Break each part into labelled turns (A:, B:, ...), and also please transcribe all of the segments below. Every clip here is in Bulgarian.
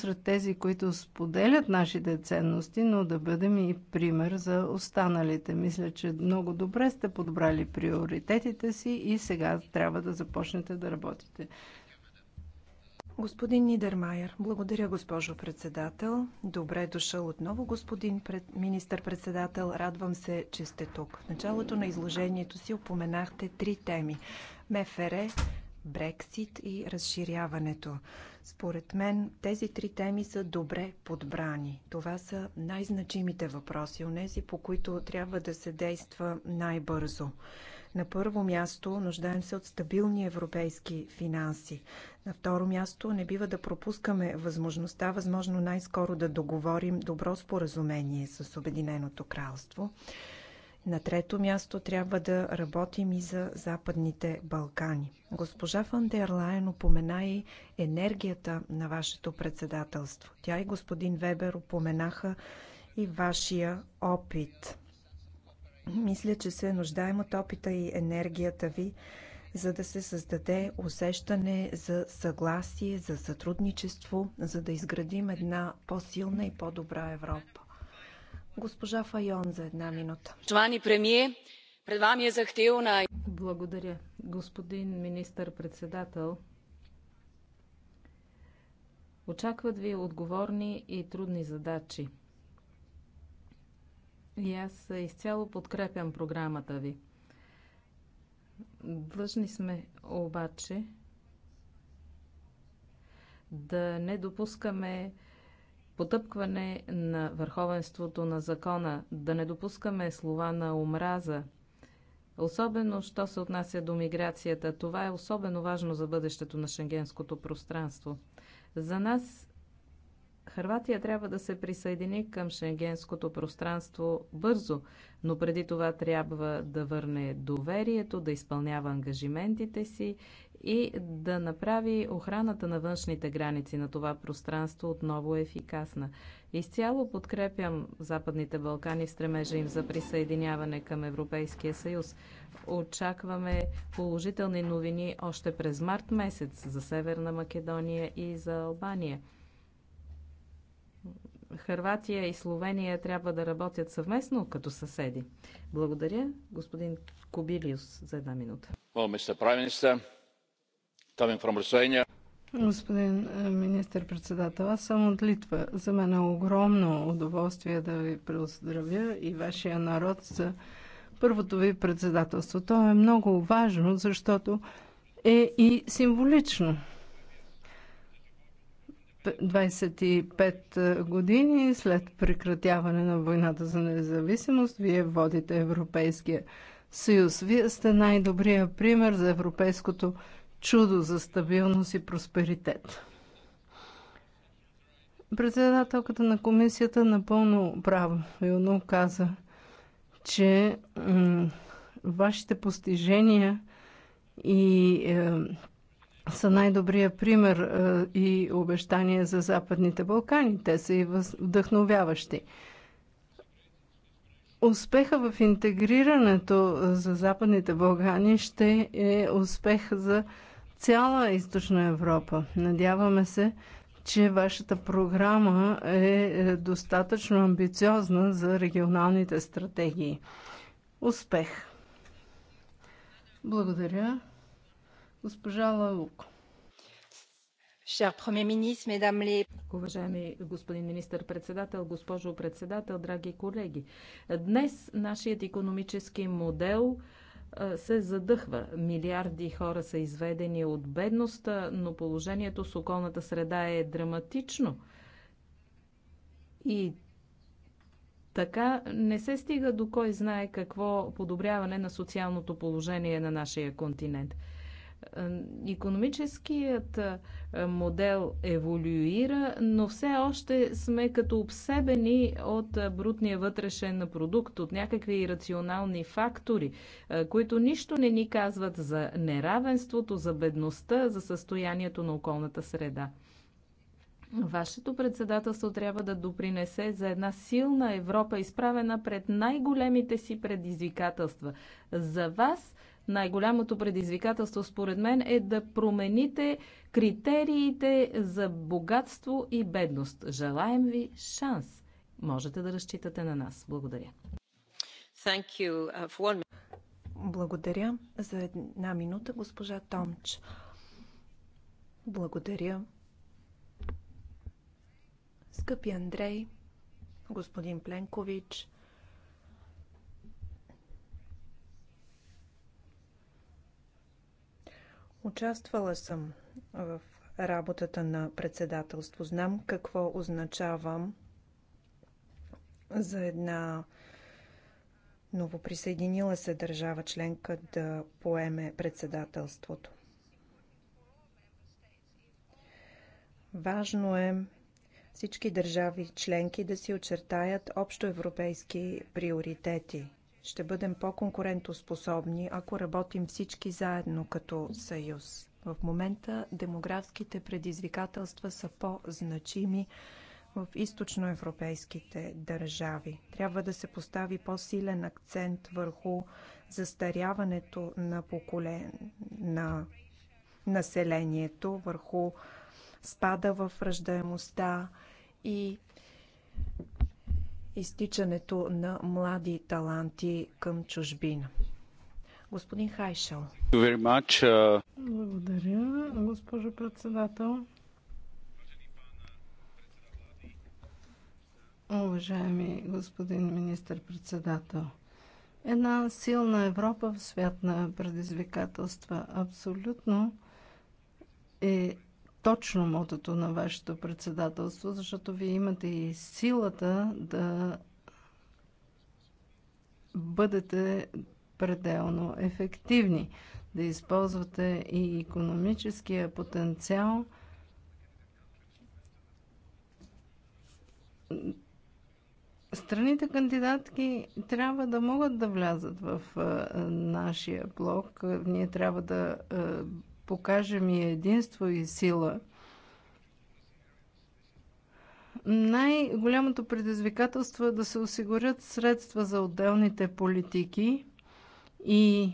A: сред тези, които споделят нашите ценности, но да бъдем и пример за останалите. Мисля, че много добре сте подбрали приоритетите си и сега трябва
B: да започнете да работите. Господин Нидермайер, благодаря госпожо председател. Добре е дошъл отново господин пред... министър-председател. Радвам се, че сте тук. В началото на изложението си упоменахте три теми. МФР, Брексит и разширяването. Според мен тези три теми са добре подбрани. Това са най-значимите въпроси, онези по които трябва да се действа най-бързо. На първо място нуждаем се от стабилни европейски финанси. На второ място не бива да пропускаме възможността, възможно най-скоро да договорим добро споразумение с Обединеното кралство. На трето място трябва да работим и за Западните Балкани. Госпожа Фандерлайн упомена и енергията на вашето председателство. Тя и господин Вебер упоменаха и вашия опит. Мисля, че се нуждаем от опита и енергията ви, за да се създаде усещане за съгласие, за сътрудничество, за да изградим една по-силна и по-добра Европа. Госпожа Файон за една минута. Чувани премие, пред вами е захтевна. Благодаря. Господин
C: министър-председател, очакват ви отговорни и трудни задачи. И аз изцяло подкрепям програмата ви. Длъжни сме обаче да не допускаме потъпкване на върховенството на закона, да не допускаме слова на омраза, особено що се отнася до миграцията. Това е особено важно за бъдещето на шенгенското пространство. За нас Харватия трябва да се присъедини към шенгенското пространство бързо, но преди това трябва да върне доверието, да изпълнява ангажиментите си и да направи охраната на външните граници на това пространство отново ефикасна. Изцяло подкрепям Западните Балкани в стремежа им за присъединяване към Европейския съюз. Очакваме положителни новини още през март месец за Северна Македония и за Албания. Харватия и Словения трябва да работят съвместно като съседи.
A: Благодаря, господин Кобилиус, за една минута. Господин е, министър-председател, аз съм от Литва. За мен е огромно удоволствие да ви преоздравя и вашия народ за първото ви председателство. То е много важно, защото е и символично. 25 е, години след прекратяване на войната за независимост, вие водите Европейския съюз. Вие сте най-добрият пример за европейското чудо за стабилност и просперитет. Председателката на комисията напълно правилно каза, че вашите постижения и е, са най-добрия пример е, и обещание за Западните Балкани. Те са и вдъхновяващи. Успеха в интегрирането е, за Западните Балкани ще е успех за цяла Източна Европа. Надяваме се, че вашата програма е, е достатъчно амбициозна за регионалните стратегии. Успех! Благодаря. Госпожа Лалуко.
C: Уважаеми господин министър-председател, госпожо председател, драги колеги, днес нашият економически модел се задъхва. Милиарди хора са изведени от бедността, но положението с околната среда е драматично. И така не се стига до кой знае какво подобряване на социалното положение на нашия континент. Економическият модел еволюира, но все още сме като обсебени от брутния вътрешен продукт, от някакви рационални фактори, които нищо не ни казват за неравенството, за бедността, за състоянието на околната среда. Вашето председателство трябва да допринесе за една силна Европа, изправена пред най-големите си предизвикателства. За вас най-голямото предизвикателство според мен е да промените критериите за богатство и бедност. Желаем ви шанс. Можете да разчитате на нас. Благодаря.
B: Uh, Благодаря за една минута, госпожа Томч. Благодаря. Скъпи Андрей, господин Пленкович, Участвала съм в работата на председателство. Знам какво означава за една новоприсъединила се държава членка да поеме председателството. Важно е всички държави членки да си очертаят общоевропейски приоритети. Ще бъдем по-конкурентоспособни, ако работим всички заедно като съюз. В момента демографските предизвикателства са по-значими в източноевропейските държави. Трябва да се постави по-силен акцент върху застаряването на, поколе... на населението, върху спада в ръждаемостта и изтичането на млади таланти към чужбина. Господин Хайшел.
A: Uh,
B: Благодаря, госпожо председател.
A: Уважаеми господин министр-председател, една силна Европа в свят на предизвикателства абсолютно е точно мотото на вашето председателство, защото вие имате и силата да бъдете пределно ефективни, да използвате и економическия потенциал Страните кандидатки трябва да могат да влязат в нашия блок. Ние трябва да покаже ми единство и сила. Най-голямото предизвикателство е да се осигурят средства за отделните политики и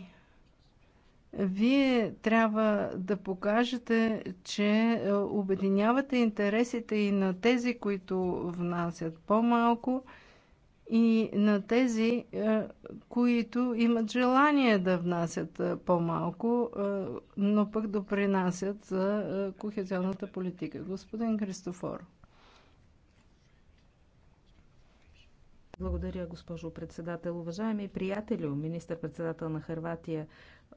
A: вие трябва да покажете, че е, обединявате интересите и на тези, които внасят по-малко, и на тези, е, които имат желание да внасят е, по-малко, е, но пък допринасят за кохезионната политика. Господин Христофор. Благодаря, госпожо председател.
C: Уважаеми приятели, министър-председател на Харватия,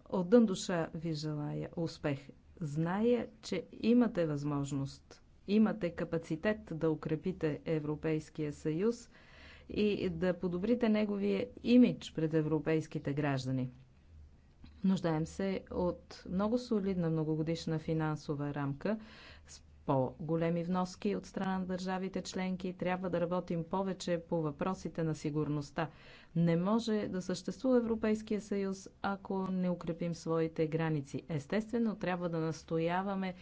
C: от дън душа ви желая успех. Зная, че имате възможност, имате капацитет да укрепите Европейския съюз – и да подобрите неговия имидж пред европейските граждани. Нуждаем се от много солидна многогодишна финансова рамка с по-големи вноски от страна на държавите членки. Трябва да работим повече по въпросите на сигурността. Не може да съществува Европейския съюз, ако не укрепим своите граници. Естествено, трябва да настояваме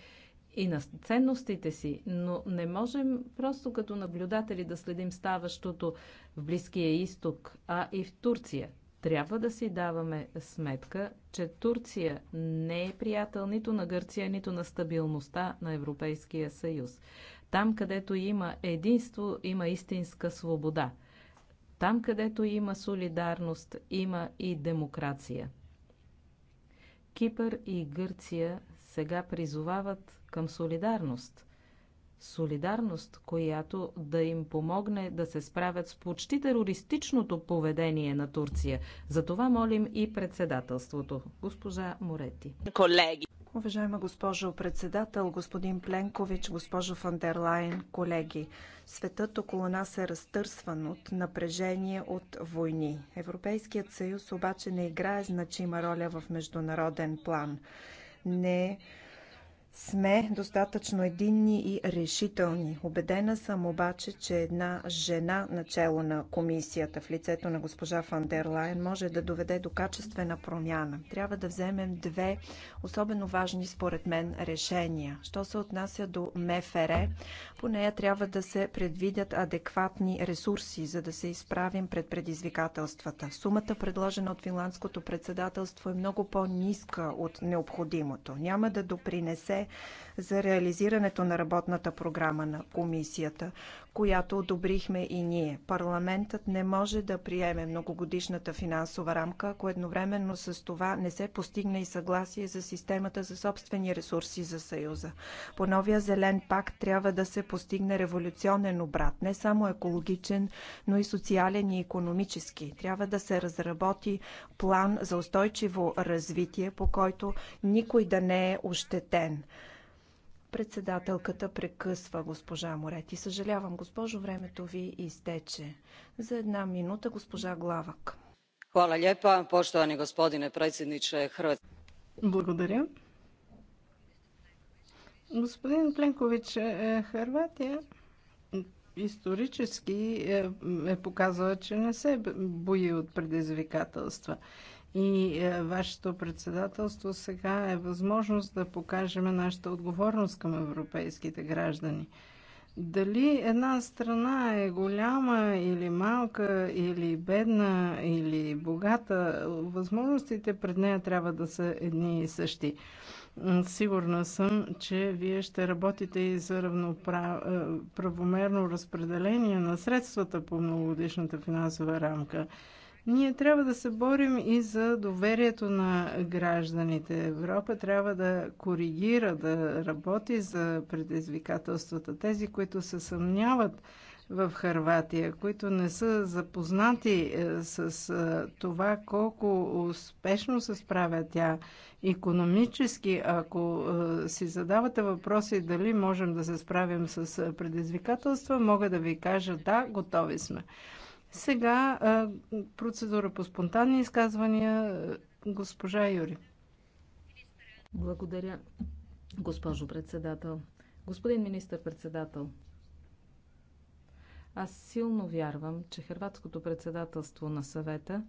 C: и на ценностите си, но не можем просто като наблюдатели да следим ставащото в Близкия изток, а и в Турция. Трябва да си даваме сметка, че Турция не е приятел нито на Гърция, нито на стабилността на Европейския съюз. Там, където има единство, има истинска свобода. Там, където има солидарност, има и демокрация. Кипър и Гърция сега призовават към солидарност. Солидарност, която да им помогне да се справят с почти терористичното поведение на
B: Турция. За това молим и председателството. Госпожа Морети. Колеги. Уважаема госпожо председател, господин Пленкович, госпожо Фандерлайн, колеги. Светът около нас е разтърсван от напрежение от войни. Европейският съюз обаче не играе значима роля в международен план. Не е сме достатъчно единни и решителни. Обедена съм обаче, че една жена начало на комисията в лицето на госпожа Фандер Лайен може да доведе до качествена промяна. Трябва да вземем две особено важни според мен решения. Що се отнася до МФР, по нея трябва да се предвидят адекватни ресурси, за да се изправим пред предизвикателствата. Сумата, предложена от финландското председателство, е много по-ниска от необходимото. Няма да допринесе за реализирането на работната програма на комисията която одобрихме и ние. Парламентът не може да приеме многогодишната финансова рамка, ако едновременно с това не се постигне и съгласие за системата за собствени ресурси за Съюза. По новия зелен пакт трябва да се постигне революционен обрат, не само екологичен, но и социален и економически. Трябва да се разработи план за устойчиво развитие, по който никой да не е ощетен. Председателката прекъсва госпожа Морети. Съжалявам, госпожо, времето ви изтече. За една минута госпожа Главак. Благодаря.
A: Господин Пленкович, е, е, Хрватия исторически е, е показала, че не се бои от предизвикателства и е, вашето председателство сега е възможност да покажем нашата отговорност към европейските граждани. Дали една страна е голяма или малка, или бедна, или богата, възможностите пред нея трябва да са едни и същи. Сигурна съм, че вие ще работите и за равноправомерно е, разпределение на средствата по многогодишната финансова рамка. Ние трябва да се борим и за доверието на гражданите. Европа трябва да коригира, да работи за предизвикателствата. Тези, които се съмняват в Харватия, които не са запознати е, с е, това колко успешно се справя тя економически, ако е, си задавате въпроси дали можем да се справим с предизвикателства, мога да ви кажа да, готови сме. Сега процедура по спонтанни изказвания. Госпожа Юри. Благодаря, госпожо председател. Господин министър-председател,
C: аз силно вярвам, че хрватското председателство на съвета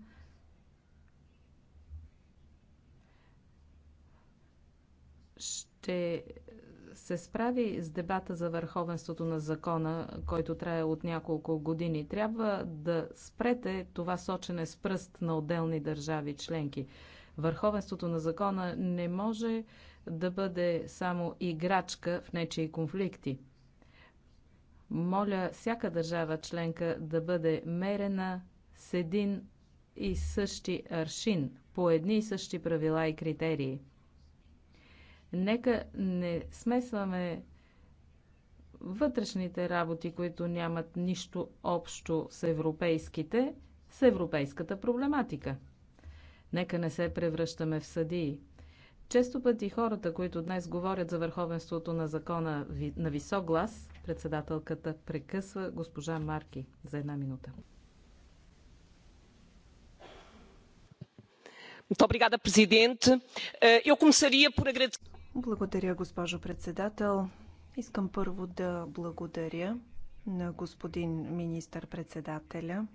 C: ще се справи с дебата за върховенството на закона, който трае от няколко години. Трябва да спрете това сочене с пръст на отделни държави членки. Върховенството на закона не може да бъде само играчка в нечии конфликти. Моля всяка държава членка да бъде мерена с един и същи аршин, по едни и същи правила и критерии – Нека не смесваме вътрешните работи, които нямат нищо общо с европейските, с европейската проблематика. Нека не се превръщаме в съдии. Често пъти хората, които днес говорят за върховенството на закона на висок глас, председателката прекъсва госпожа Марки за една минута.
B: Muito obrigada, Presidente. Eh, eu começaria por agradecer. Благодаря, госпожо председател. Искам първо да благодаря на господин министър-председателя.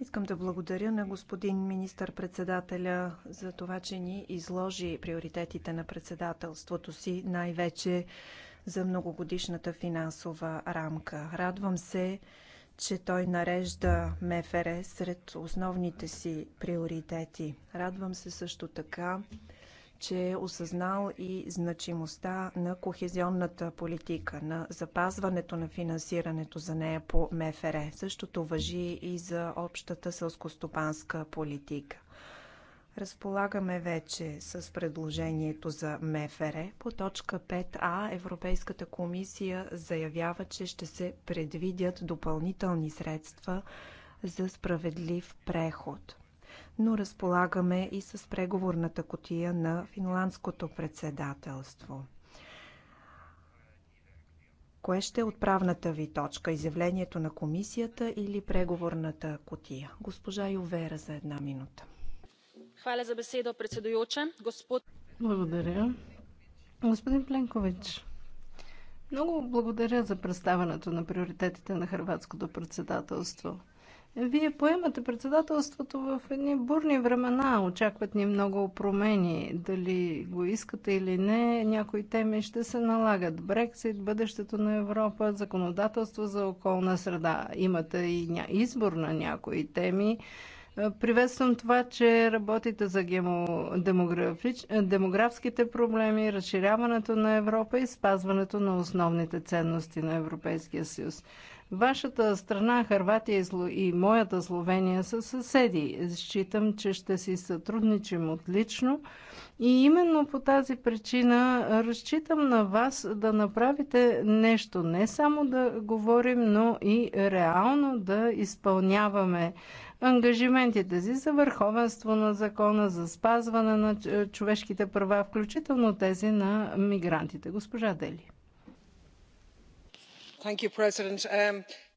B: Искам да благодаря на господин министър-председателя за това, че ни изложи приоритетите на председателството си, най-вече за многогодишната финансова рамка. Радвам се, че той нарежда МФР сред основните си приоритети. Радвам се също така, че е осъзнал и значимостта на кохезионната политика, на запазването на финансирането за нея по МФР. Същото въжи и за общата селскостопанска политика. Разполагаме вече с предложението за МФР. По точка 5а Европейската комисия заявява, че ще се предвидят допълнителни средства за справедлив преход. Но разполагаме и с преговорната котия на финландското председателство. Кое ще е отправната ви точка? Изявлението на комисията или преговорната котия? Госпожа Ювера за една минута. Благодаря. Господин Пленкович,
A: много благодаря за представането на приоритетите на Хрватското председателство. Вие поемате председателството в едни бурни времена. Очакват ни много промени. Дали го искате или не, някои теми ще се налагат. Брексит, бъдещето на Европа, законодателство за околна среда. Имате и избор на някои теми е, приветствам това, че работите за е, демографските проблеми, разширяването на Европа и спазването на основните ценности на Европейския съюз. Вашата страна, Харватия и моята Словения са съседи. Считам, че ще си сътрудничим отлично. И именно по тази причина разчитам на вас да направите нещо. Не само да говорим, но и реално да изпълняваме ангажиментите си за върховенство на закона, за спазване на е, човешките права, включително тези на мигрантите. Госпожа Дели.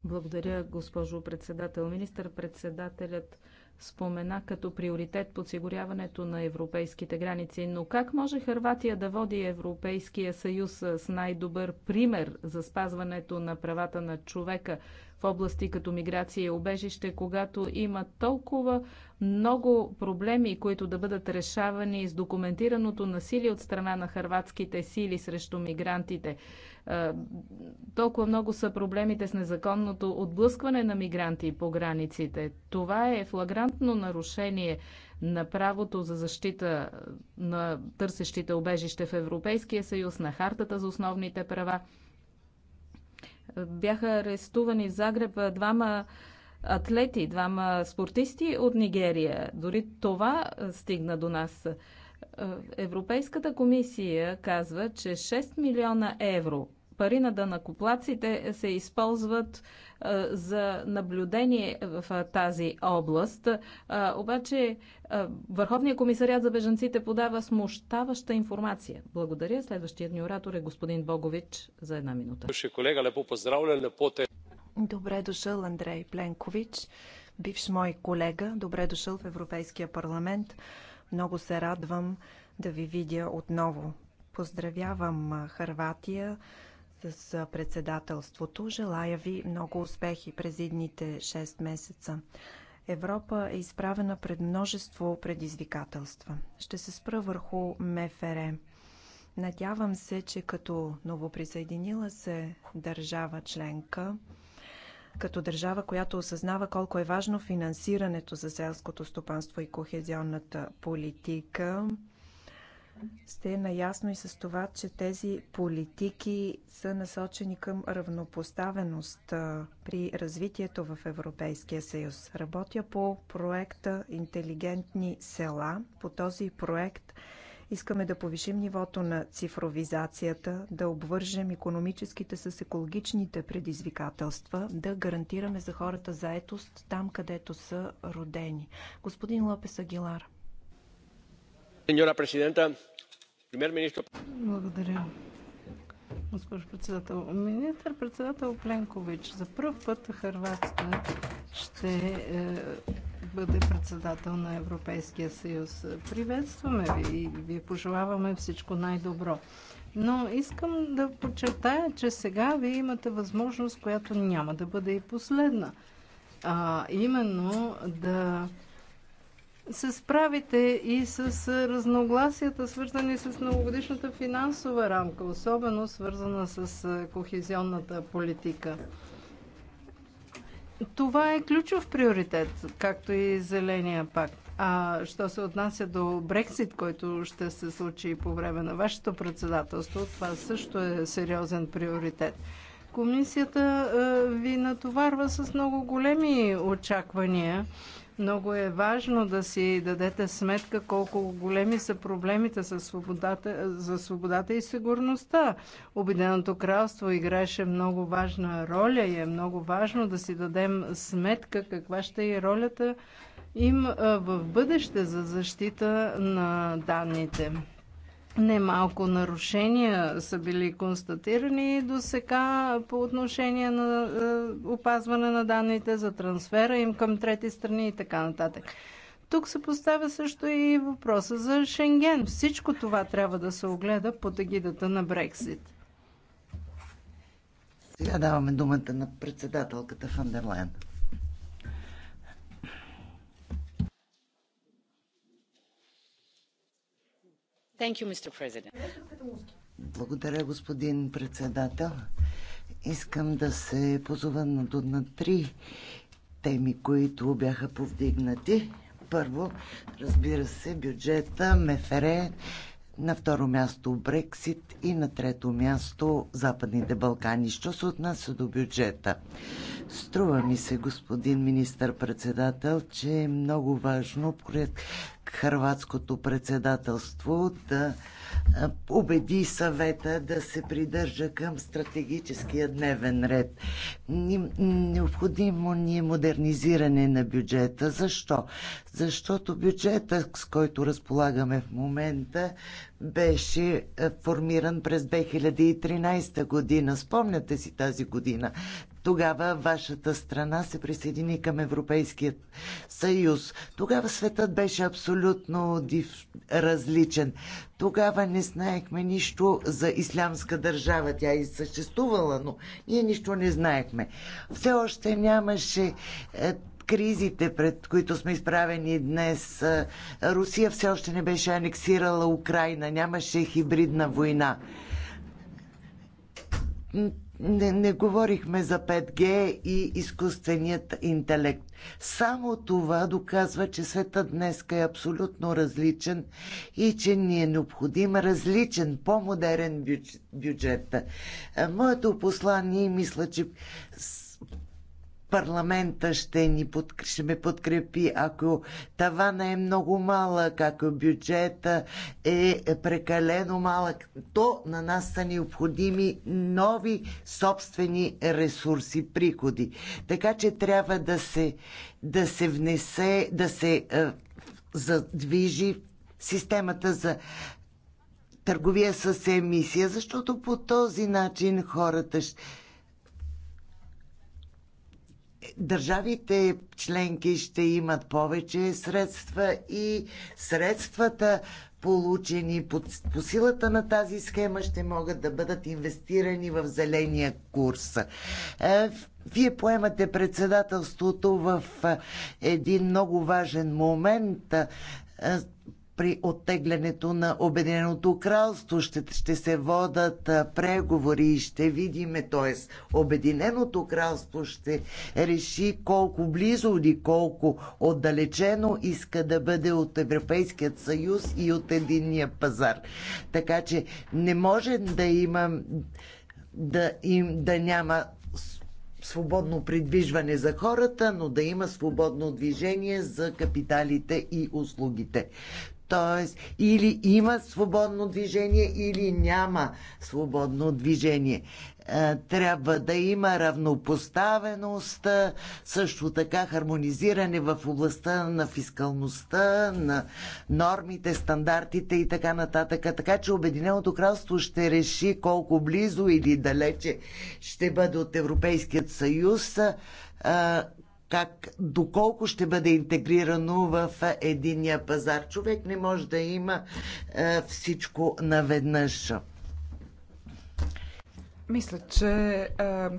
A: Благодаря,
C: госпожо председател. Министър-председателят спомена като приоритет подсигуряването на европейските граници. Но как може Харватия да води Европейския съюз с най-добър пример за спазването на правата на човека в области като миграция и обежище, когато има толкова много проблеми, които да бъдат решавани с документираното насилие от страна на хърватските сили срещу мигрантите. Толкова много са проблемите с незаконното отблъскване на мигранти по границите. Това е флагрантно нарушение на правото за защита на търсещите обежище в Европейския съюз, на Хартата за основните права бяха арестувани в Загреб двама атлети, двама спортисти от Нигерия. Дори това стигна до нас. Европейската комисия казва, че 6 милиона евро пари на дънакоплаците се използват е, за наблюдение в е, тази област. Е, обаче Върховният комисарят за беженците подава смущаваща информация. Благодаря. Следващият ни оратор е господин
B: Богович за една минута.
D: Колега, лепо поздравля, лепо те.
B: Добре дошъл, Андрей Пленкович, бивш мой колега. Добре дошъл в Европейския парламент. Много се радвам да ви видя отново. Поздравявам Харватия с председателството. Желая ви много успехи през идните 6 месеца. Европа е изправена пред множество предизвикателства. Ще се спра върху МФР. Надявам се, че като новоприсъединила се държава членка, като държава, която осъзнава колко е важно финансирането за селското стопанство и кохезионната политика, сте наясно и с това, че тези политики са насочени към равнопоставеност при развитието в Европейския съюз. Работя по проекта Интелигентни села. По този проект искаме да повишим нивото на цифровизацията, да обвържем економическите с екологичните предизвикателства, да гарантираме за хората заетост там, където са родени. Господин Лопес Агилар. Благодаря.
A: Госпожо председател, министър-председател Пленкович, за първ път Харватска ще е, бъде председател на Европейския съюз. Приветстваме ви и ви пожелаваме всичко най-добро. Но искам да подчертая, че сега вие имате възможност, която няма да бъде и последна. А именно да се справите и с разногласията, свързани с многогодишната финансова рамка, особено свързана с кохезионната политика. Това е ключов приоритет, както и Зеления пакт. А що се отнася до Брексит, който ще се случи по време на вашето председателство, това също е сериозен приоритет. Комисията ви натоварва с много големи очаквания много е важно да си дадете сметка колко големи са проблемите за свободата, за свободата и сигурността. Обединеното кралство играеше много важна роля и е много важно да си дадем сметка каква ще е ролята им в бъдеще за защита на данните. Немалко нарушения са били констатирани до сега по отношение на е, опазване на данните за трансфера им към трети страни и така нататък. Тук се поставя също и въпроса за Шенген. Всичко това трябва да се огледа под егидата на Брексит.
D: Сега даваме думата на председателката Фандерлайн. Благодаря, господин председател. Искам да се позова на, на три теми, които бяха повдигнати. Първо, разбира се, бюджета, МФР, на второ място Брексит и на трето място Западните Балкани. Що се отнася до бюджета? Струва ми се, господин министър-председател, че е много важно хрватското председателство да убеди съвета да се придържа към стратегическия дневен ред. Необходимо ни е модернизиране на бюджета. Защо? Защото бюджета, с който разполагаме в момента, беше формиран през 2013 година. Спомняте си тази година. Тогава вашата страна се присъедини към Европейският съюз. Тогава светът беше абсолютно див, различен. Тогава не знаехме нищо за ислямска държава. Тя и съществувала, но ние нищо не знаехме. Все още нямаше е, кризите, пред които сме изправени днес. Е, Русия все още не беше анексирала Украина, нямаше хибридна война не, не говорихме за 5G и изкуственият интелект. Само това доказва, че света днес е абсолютно различен и че ни е необходим различен, по-модерен бюджет. Моето послание, мисля, че парламента ще, ни подкрепи, ще ме подкрепи, ако тавана е много малък, ако бюджета е прекалено малък, то на нас са необходими нови собствени ресурси, приходи. Така че трябва да се, да се внесе, да се е, задвижи системата за търговия с емисия, защото по този начин хората ще държавите членки ще имат повече средства и средствата получени по, по силата на тази схема ще могат да бъдат инвестирани в зеления курс. Е, вие поемате председателството в е, един много важен момент е, при оттеглянето на Обединеното кралство. Ще, ще се водат преговори и ще видиме, т.е. Обединеното кралство ще реши колко близо или колко отдалечено иска да бъде от Европейският съюз и от единния пазар. Така че не може да имам да, им, да няма свободно придвижване за хората, но да има свободно движение за капиталите и услугите. Тоест, или има свободно движение, или няма свободно движение. Е, трябва да има равнопоставеност, е, също така хармонизиране в областта на фискалността, на нормите, стандартите и така нататък. Така че Обединеното кралство ще реши колко близо или далече ще бъде от Европейският съюз е, как, доколко ще бъде интегрирано в единия пазар. Човек не може да има е, всичко наведнъж.
E: Мисля, че е,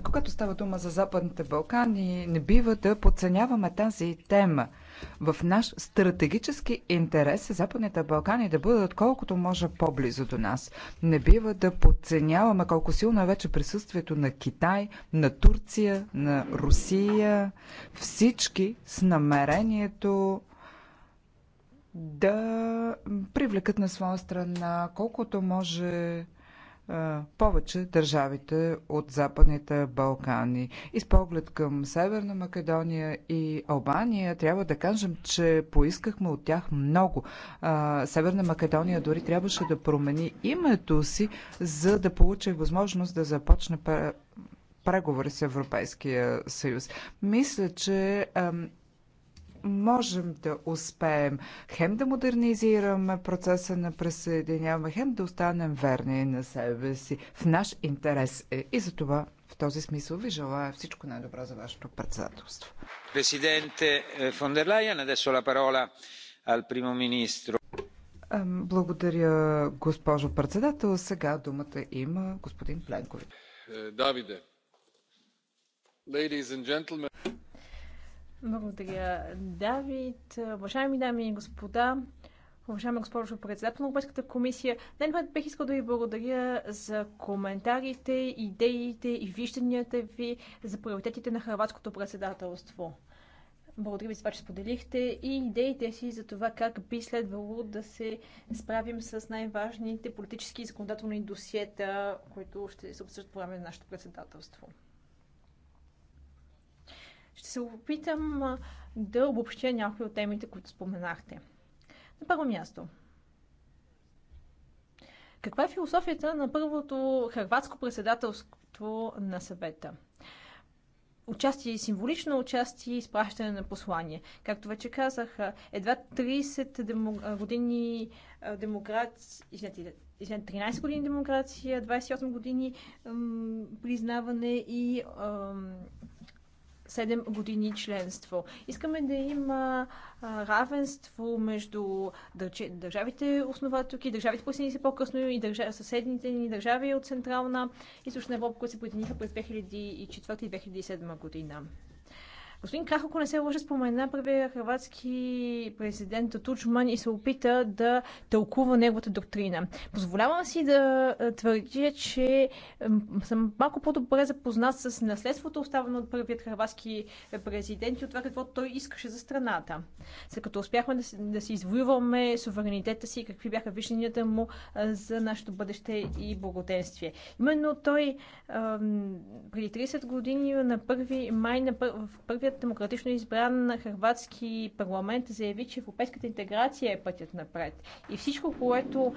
E: когато става дума за Западните Балкани, не бива да подценяваме тази тема. В наш стратегически интерес е Западните Балкани да бъдат колкото може по-близо до нас. Не бива да подценяваме колко силно е вече присъствието на Китай, на Турция, на Русия. Всички с намерението да привлекат на своя страна колкото може повече държавите от Западните Балкани. И с поглед към Северна Македония и Албания, трябва да кажем, че поискахме от тях много. Северна Македония дори трябваше да промени името си, за да получи възможност да започне преговори с Европейския съюз. Мисля, че можем да успеем хем да модернизираме процеса на присъединяване, хем да останем верни на себе си. В наш интерес е. И за това в този смисъл ви желая всичко най-добро за вашето председателство.
D: Президенте е, фон дер Лайен, адесо ла парола ал примо министро.
E: Благодаря, госпожо председател. Сега думата има господин Пленкович.
B: Е, Давиде, ladies and gentlemen,
F: благодаря, Давид. Уважаеми дами и господа, уважаема госпожо председател на Европейската комисия, най-напред бих искал да ви благодаря за коментарите, идеите и вижданията ви за приоритетите на хрватското председателство. Благодаря ви за това, че споделихте и идеите си за това как би следвало да се справим с най-важните политически и законодателни досиета, които ще се обсъждат по време на нашето председателство. Ще се опитам да обобщя някои от темите, които споменахте. На първо място. Каква е философията на първото хрватско председателство на съвета? участие, символично участие и изпращане на послание. Както вече казах, едва 30 демо, години демокрация, 13 години демокрация, 28 години признаване и 7 години членство. Искаме да има равенство между държавите основателки, държавите присъединили се по-късно и държа... съседните ни държави от Централна и Източна Европа, които се поединиха през 2004 и 2007 година. Господин Крах, ако не се лъжа, спомена първия хрватски президент Тучман и се опита да тълкува неговата доктрина. Позволявам си да твърдя, че съм малко по-добре запознат с наследството, оставено от първият хрватски президент и от това какво той искаше за страната. След като успяхме да си, да си извоюваме суверенитета си, какви бяха вижданията му за нашето бъдеще и благоденствие. Именно той преди 30 години на 1 май на първи, в първия Новият демократично избран хрватски парламент заяви, че европейската интеграция е пътят напред. И всичко, което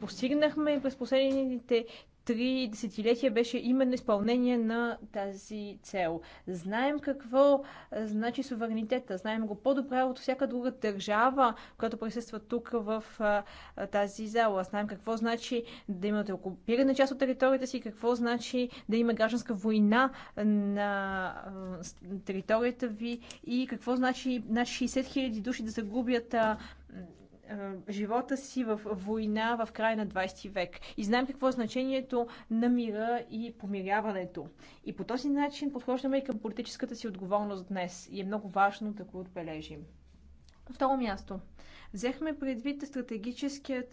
F: постигнахме през последните три десетилетия беше именно изпълнение на тази цел. Знаем какво значи суверенитета, знаем го по-добре от всяка друга държава, която присъства тук в тази зала. Знаем какво значи да имате окупирана част от територията си, какво значи да има гражданска война на територията ви и какво значи над 60 000 души да загубят живота си в война в края на 20 век. И знаем какво е значението на мира и помиряването. И по този начин подхождаме и към политическата си отговорност днес. И е много важно да го отбележим. На второ място. Взехме предвид стратегическият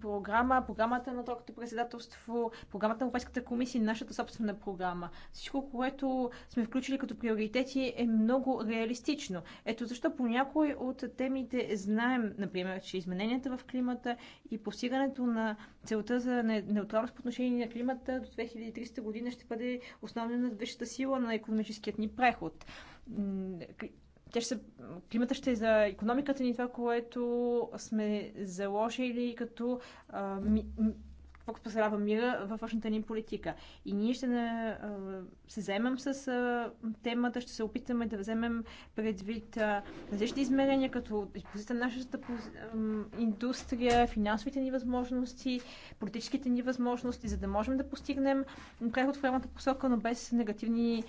F: програма, програмата на Торкото председателство, програмата на Европейската комисия и нашата собствена програма. Всичко, което сме включили като приоритети е много реалистично. Ето защо по някои от темите знаем, например, че измененията в климата и постигането на целта за неутралност по отношение на климата до 2300 година ще бъде основна на висшата сила на економическият ни преход те ще климата ще е за економиката ни това, което сме заложили като а, ми, какво позрава мира във външната ни политика. И ние ще се вземем с темата, ще се опитаме да вземем предвид различни измерения, като позиция на нашата индустрия, финансовите ни възможности, политическите ни възможности, за да можем да постигнем преход в правилната посока, но без негативни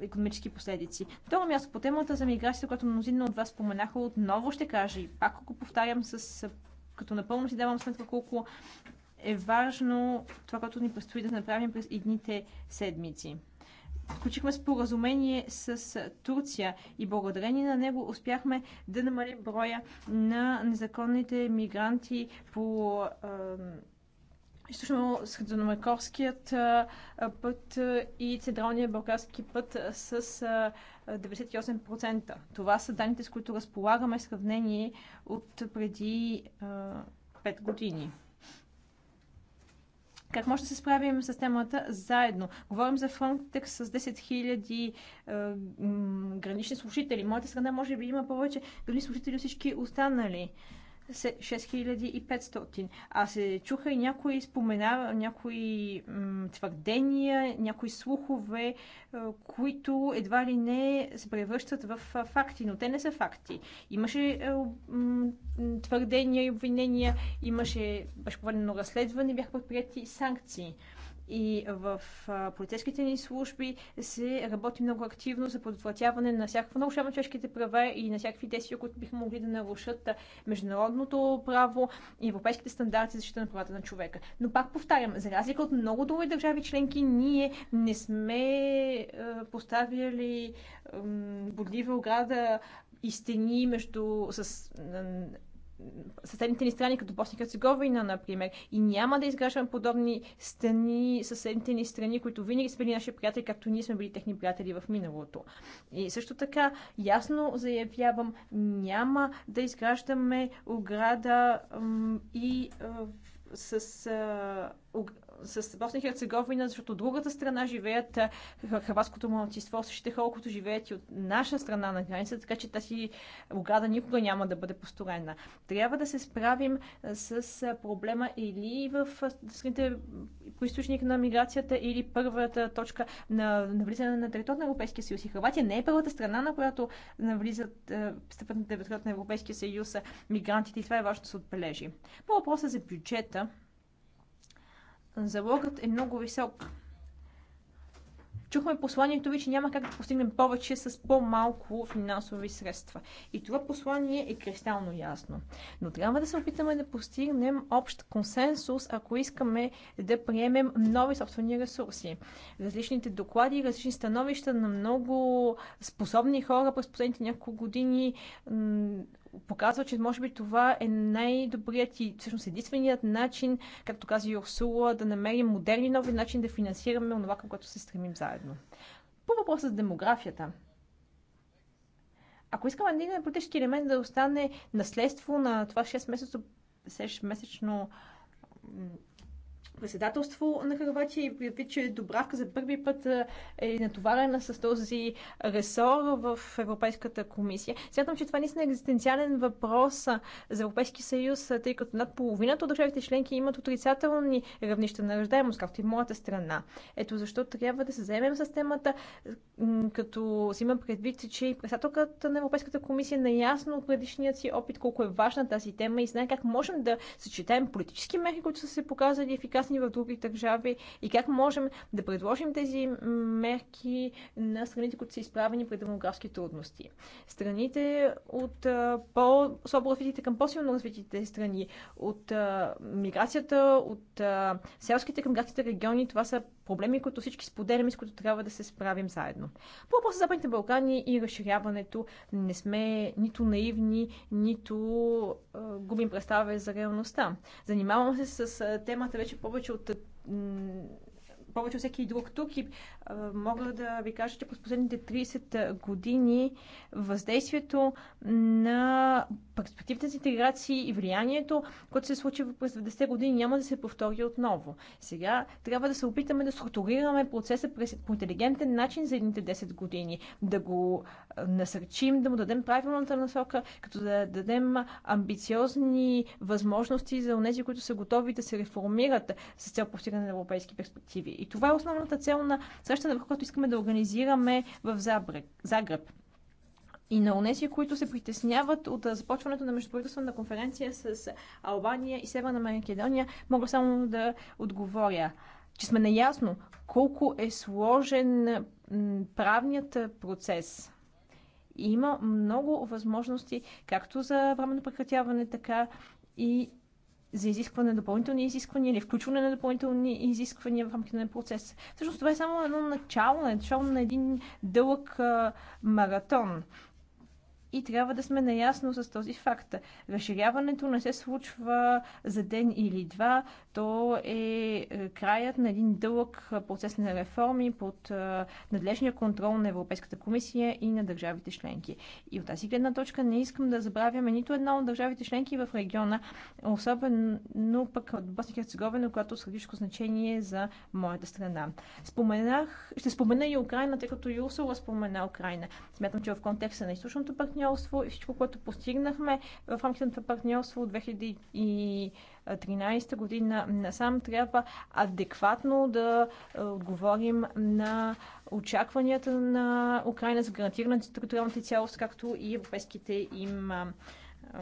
F: економически последици. Второ място по темата за миграцията, която мнозина от вас споменаха, отново ще кажа и пак го повтарям с като напълно си давам сметка колко е важно това, което ни предстои да направим през едните седмици. Включихме споразумение с Турция и благодарение на него успяхме да намалим броя на незаконните мигранти по източно-средземноморският път и Централния Балкански път с 98%. Това са данните, с които разполагаме в сравнение от преди 5 години. Как може да се справим с темата заедно? Говорим за Frontex с 10 000 е, гранични служители. Моята страна може би има повече гранични служители от всички останали. 6500. А се чуха и някои спомена, някои твърдения, някои слухове, е, които едва ли не се превръщат в факти, но те не са факти. Имаше е, твърдения и обвинения, имаше на разследване, бяха предприяти санкции. И в полицейските ни служби се работи много активно за предотвратяване на всякакво нарушаване на човешките права и на всякакви действия, които биха могли да нарушат международното право и европейските стандарти за защита на правата на човека. Но пак повтарям, за разлика от много други държави членки, ние не сме поставили бодлива ограда и стени между, с, съседните ни страни, като Босния и Херцеговина, например. И няма да изграждаме подобни стени съседните ни страни, които винаги са били наши приятели, както ние сме били техни приятели в миналото. И също така, ясно заявявам, няма да изграждаме ограда и с а, с Босна и Херцеговина, защото от другата страна живеят хрватското младсинство, същите хора, които живеят и от наша страна на границата, така че тази ограда никога няма да бъде построена. Трябва да се справим с проблема или в страните по източник на миграцията, или първата точка на навлизане на територията на Европейския съюз. И Хрватия не е първата страна, на която навлизат стъпът на територията на Европейския съюз мигрантите и това е важно да се отбележи. По въпроса за бюджета, залогът е много висок. Чухме посланието ви, че няма как да постигнем повече с по-малко финансови средства. И това послание е кристално ясно. Но трябва да се опитаме да постигнем общ консенсус, ако искаме да приемем нови собствени ресурси. Различните доклади, различни становища на много способни хора през последните няколко години показва, че може би това е най-добрият и всъщност единственият начин, както каза Юрсула, да намерим модерни нови начин да финансираме онова, към което се стремим заедно. По въпроса с демографията. Ако искаме един политически елемент да остане наследство на това 6-месечно 6 6 месечно председателство на Харватия и предвид, че Добравка за първи път е, е натоварена с този ресор в Европейската комисия. Смятам, че това е наистина е екзистенциален въпрос за Европейски съюз, тъй като над половината от държавите членки имат отрицателни равнища на ръждаемост, както и в моята страна. Ето защо трябва да се заемем с темата, като си има предвид, че и председателката на Европейската комисия наясно от предишният си опит колко е важна тази тема и знае как можем да съчетаем политически мерки, които са се показали ефикасни ефикасни в други държави и как можем да предложим тези мерки на страните, които са изправени пред демографски трудности. Страните от по-слабо развитите към по-силно развитите страни, от миграцията, от селските към градските региони, това са проблеми, които всички споделяме, с които трябва да се справим заедно. По въпроса Западните Балкани и разширяването не сме нито наивни, нито е, губим представа за реалността. Занимавам се с темата вече повече от повече всеки друг тук и мога да ви кажа, че през последните 30 години въздействието на перспективите за интеграции и влиянието, което се случи през 90-те години, няма да се повтори отново. Сега трябва да се опитаме да структурираме процеса през, по интелигентен начин за едните 10 години, да го насърчим, да му дадем правилната насока, като да дадем амбициозни възможности за онези, които са готови да се реформират с цел постигане на европейски перспективи. И това е основната цел на срещата, която искаме да организираме в Загреб и на унеси, които се притесняват от започването на междуправителствена конференция с Албания и Северна Македония, мога само да отговоря, че сме наясно колко е сложен правният процес. И има много възможности, както за временно прекратяване, така и за изискване на допълнителни изисквания или включване на допълнителни изисквания в рамките на процес. Всъщност това е само едно начало, начало на един дълъг а, маратон и трябва да сме наясно с този факт. Разширяването не се случва за ден или два. То е, е краят на един дълъг е, процес на реформи под е, надлежния контрол на Европейската комисия и на държавите членки. И от тази гледна точка не искам да забравяме нито една от държавите членки в региона, особено пък от Босния Херцеговина, която е стратегическо значение за моята страна. Споменах, ще спомена и Украина, тъй като Юсова спомена Украина. Смятам, че в контекста на източното партньорство партньорство и всичко, което постигнахме в рамките на това партньорство от 2013 година насам, трябва адекватно да е, отговорим на очакванията на Украина за гарантирането на териториалната цялост, както и европейските им е, е,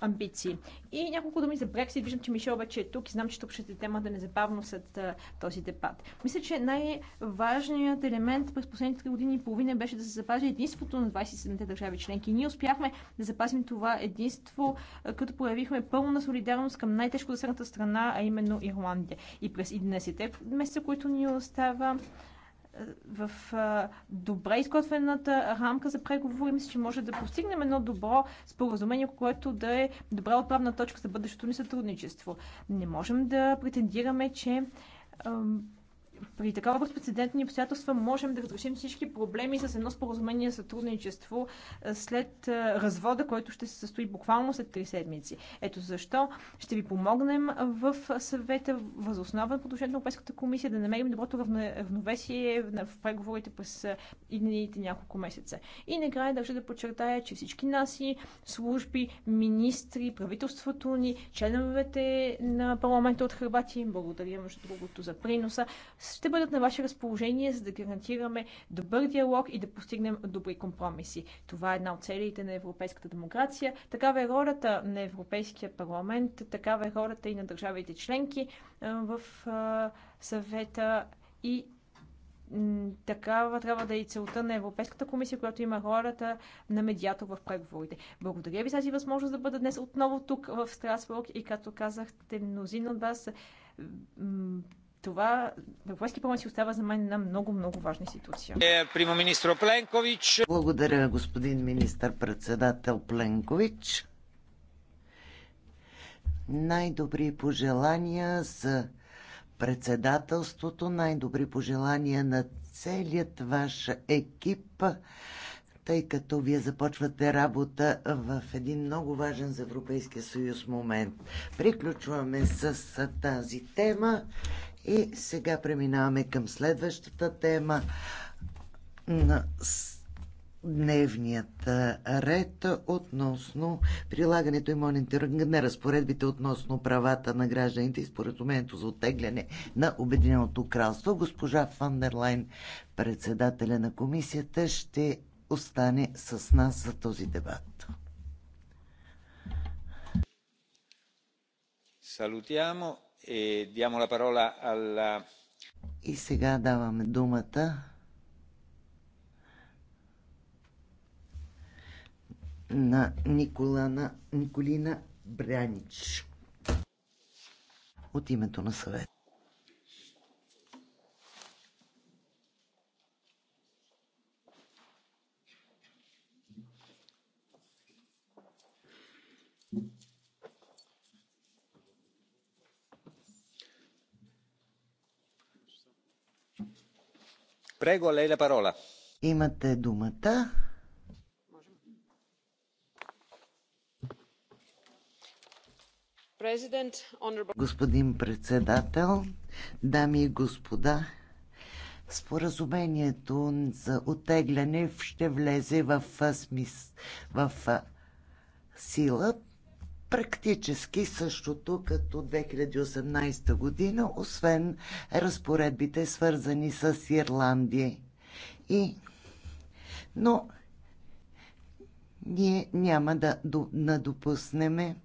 F: амбиции. И няколко думи за Брексит. Виждам, че Мишел вече е тук и знам, че тук ще тема не незабавно след този дебат. Мисля, че най-важният елемент през последните три години и половина беше да се запази единството на 27-те държави членки. ние успяхме да запазим това единство, като проявихме пълна солидарност към най-тежко засегната страна, а именно Ирландия. И през 11-те месеца, които ни остава, в добре изготвената рамка за преговори, мисля, че може да постигнем едно добро споразумение, което да е добра отправна точка за бъдещото ни сътрудничество. Не можем да претендираме, че при такава безпредседентни обстоятелства можем да разрешим всички проблеми с едно споразумение за сътрудничество е, след е, развода, който ще се състои буквално след 3 седмици. Ето защо ще ви помогнем в съвета възоснова на подушението на Европейската комисия да намерим доброто равновесие в преговорите през е, идните няколко месеца. И накрая държа да подчертая, че всички наси, служби, министри, правителството ни, членовете на парламента от Хрватия благодаря, между другото, за приноса ще бъдат на ваше разположение, за да гарантираме добър диалог и да постигнем добри компромиси. Това е една от целите на европейската демокрация. Такава е ролята на Европейския парламент, такава е ролята и на държавите членки в съвета и такава трябва да е и целта на Европейската комисия, която има ролята на медиатор в преговорите. Благодаря ви за тази възможност да бъда днес отново тук в Страсбург и както казахте мнозина от вас, това Европейски парламент си остава за мен една много-много важна институция.
D: Е, прима Пленкович. Благодаря, господин министър-председател Пленкович. Най-добри пожелания за председателството, най-добри пожелания на целият ваш екип, тъй като вие започвате работа в един много важен за Европейския съюз момент. Приключваме с тази тема и сега преминаваме към следващата тема на дневният ред относно прилагането и мониторинг на разпоредбите относно правата на гражданите и споразумението за оттегляне на Обединеното кралство. Госпожа Фандерлайн, председателя на комисията, ще остане с нас за този дебат. Salutiamo E И сега даваме думата на Николана, Николина Брянич от името на съвет. Имате думата. Господин председател, дами и господа, споразумението за отегляне ще влезе в, смис... в сила практически същото като 2018 година, освен разпоредбите свързани с Ирландия. И... Но ние няма да надопуснеме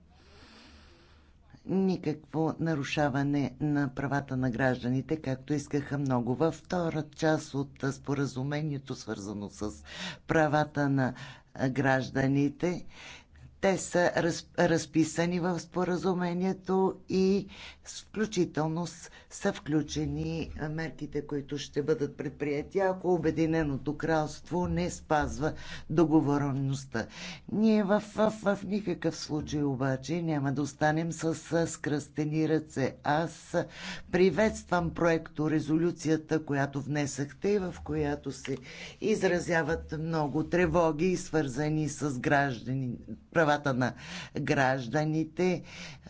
D: никакво нарушаване на правата на гражданите, както искаха много. Във втора част от споразумението, свързано с правата на гражданите, те са раз, разписани в споразумението и включително са включени мерките, които ще бъдат предприяти, ако Обединеното кралство не спазва договореността. Ние в, в, в никакъв случай обаче няма да останем с, с кръстени ръце. Аз приветствам проекто резолюцията, която внесахте и в която се изразяват много тревоги, свързани с граждани, права правата на гражданите,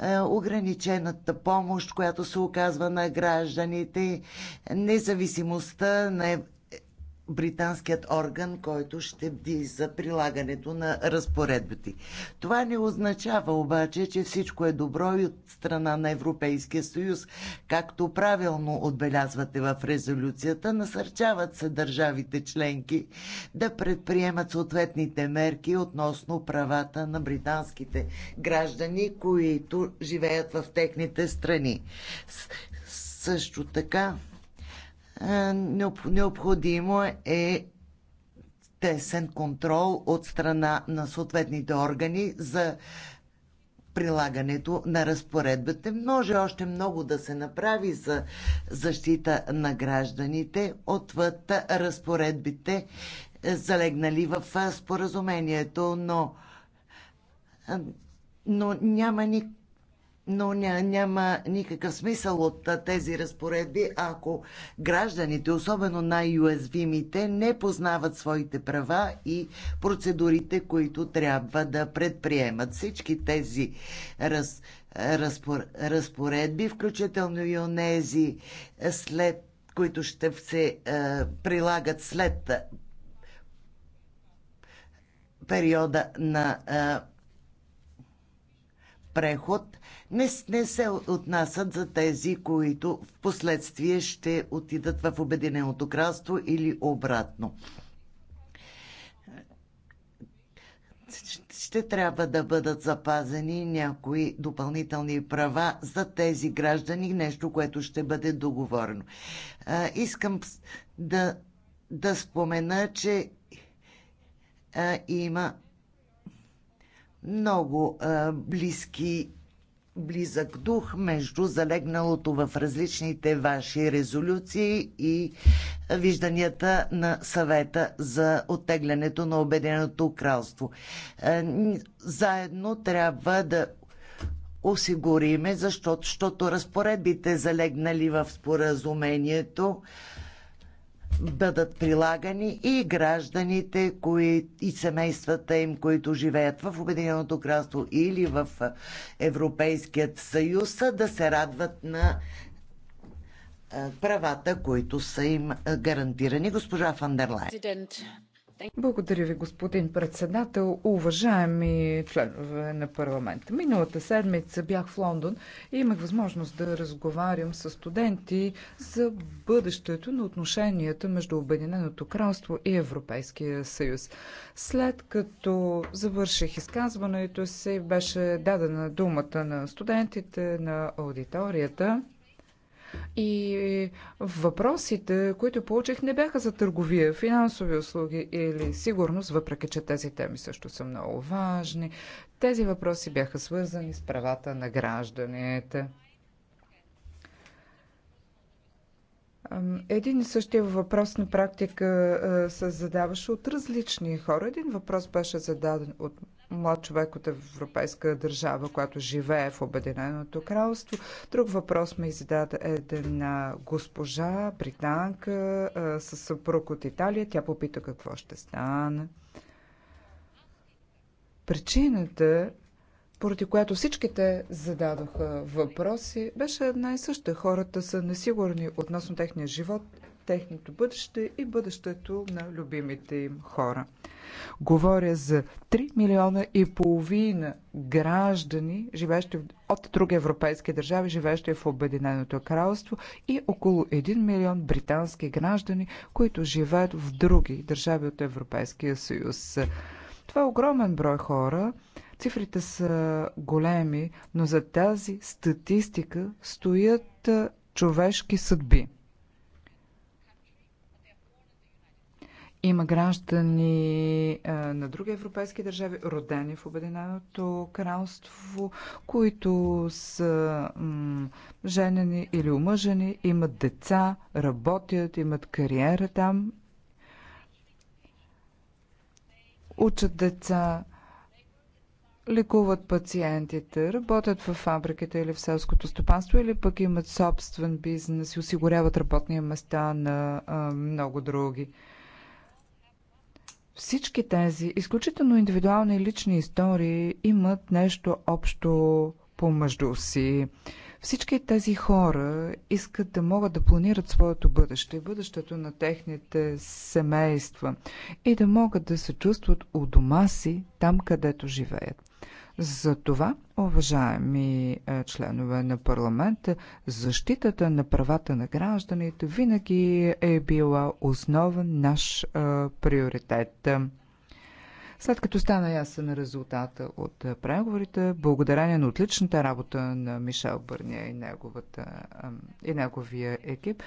D: е, ограничената помощ, която се оказва на гражданите, независимостта на британският орган, който ще бди за прилагането на разпоредбите. Това не означава обаче, че всичко е добро и от страна на Европейския съюз. Както правилно отбелязвате в резолюцията, насърчават се държавите членки да предприемат съответните мерки относно правата на британските граждани, които живеят в техните страни. Също така, е, необходимо е тесен контрол от страна на съответните органи за прилагането на разпоредбата. Може още много да се направи за защита на гражданите отвъд разпоредбите, е, залегнали в е, споразумението, но, но няма никакъв но ня, няма никакъв смисъл от тези разпоредби, ако гражданите, особено най-уязвимите, не познават своите права и процедурите, които трябва да предприемат. Всички тези раз, разпор, разпоредби, включително и онези, след, които ще се е, прилагат след периода на е, преход – не, не се отнасят за тези, които в последствие ще отидат в Обединеното кралство или обратно. ще трябва да бъдат запазени някои допълнителни права за тези граждани, нещо, което ще бъде договорено. А, искам да, да спомена, че а, има много а, близки близък дух между залегналото в различните ваши резолюции и вижданията на съвета за оттеглянето на Обединеното кралство. Е, заедно трябва да осигуриме, защото, защото разпоредбите залегнали в споразумението бъдат прилагани и гражданите кои, и семействата им, които живеят в Обединеното кралство или в Европейският съюз, да се радват на правата, които са им гарантирани. Госпожа Фандерлайн.
E: Благодаря ви, господин председател. Уважаеми членове на парламента, миналата седмица бях в Лондон и имах възможност да разговарям с студенти за бъдещето на отношенията между Обединеното кралство и Европейския съюз. След като завърших изказването си, беше дадена думата на студентите, на аудиторията. И въпросите, които получих, не бяха за търговия, финансови услуги или сигурност, въпреки че тези теми също са много важни. Тези въпроси бяха свързани с правата на гражданите. Един и същия въпрос на практика се задаваше от различни хора. Един въпрос беше зададен от млад човек от европейска държава, която живее в Обединеното кралство. Друг въпрос ме издаде една госпожа, британка, със съпруг от Италия. Тя попита какво ще стане. Причината, поради която всичките зададоха въпроси, беше една и съща. Хората са несигурни относно техния живот техното бъдеще и бъдещето на любимите им хора. Говоря за 3 милиона и половина граждани, живеещи от други европейски държави, живеещи в Обединеното кралство и около 1 милион британски граждани, които живеят в други държави от Европейския съюз. Това е огромен брой хора. Цифрите са големи, но за тази статистика стоят човешки съдби. Има граждани а, на други европейски държави, родени в Обединеното кралство, които са м- женени или омъжени, имат деца, работят, имат кариера там, учат деца, лекуват пациентите, работят в фабриката или в селското стопанство, или пък имат собствен бизнес и осигуряват работни места на а, много други. Всички тези изключително индивидуални лични истории имат нещо общо помежду си. Всички тези хора искат да могат да планират своето бъдеще, бъдещето на техните семейства и да могат да се чувстват у дома си, там където живеят. За това, уважаеми е, членове на парламента, защитата на правата на гражданите винаги е била основен наш е, приоритет. След като стана ясен резултата от преговорите, благодарение на отличната работа на Мишел Бърния и, неговата, и неговия екип,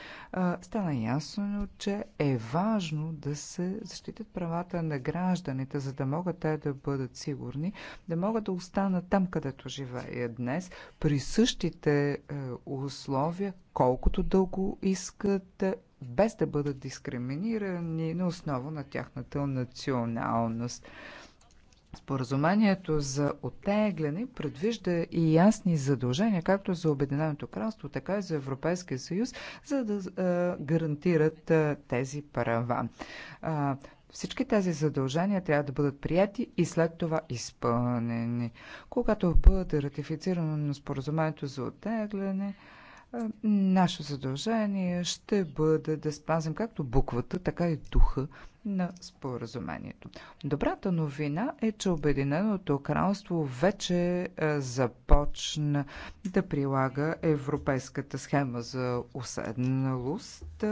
E: стана ясно, че е важно да се защитят правата на гражданите, за да могат те да бъдат сигурни, да могат да останат там, където живеят днес, при същите условия, колкото дълго искат без да бъдат дискриминирани на основа на тяхната националност. Споразумението за оттегляне предвижда и ясни задължения, както за Обединеното кралство, така и за Европейския съюз, за да а, гарантират а, тези права. А, всички тези задължения трябва да бъдат прияти и след това изпълнени. Когато бъде ратифицирано на споразумението за оттегляне, е, наше задължение ще бъде да спазим както буквата, така и духа на споразумението. Добрата новина е, че Обединеното кралство вече е, започна да прилага европейската схема за уседналост. Е,